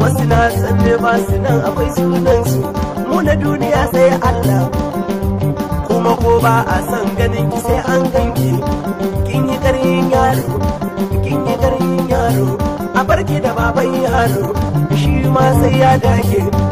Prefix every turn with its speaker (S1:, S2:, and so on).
S1: wasu na sanne ba su nan akwai sunansu mu na duniya sai Allah kuma ko ba a san ganin ki sai an ganki kin yi ƙaryin yaro kin yi ƙaryin yaro a barke da
S2: baban yaro shi ma sai ya dage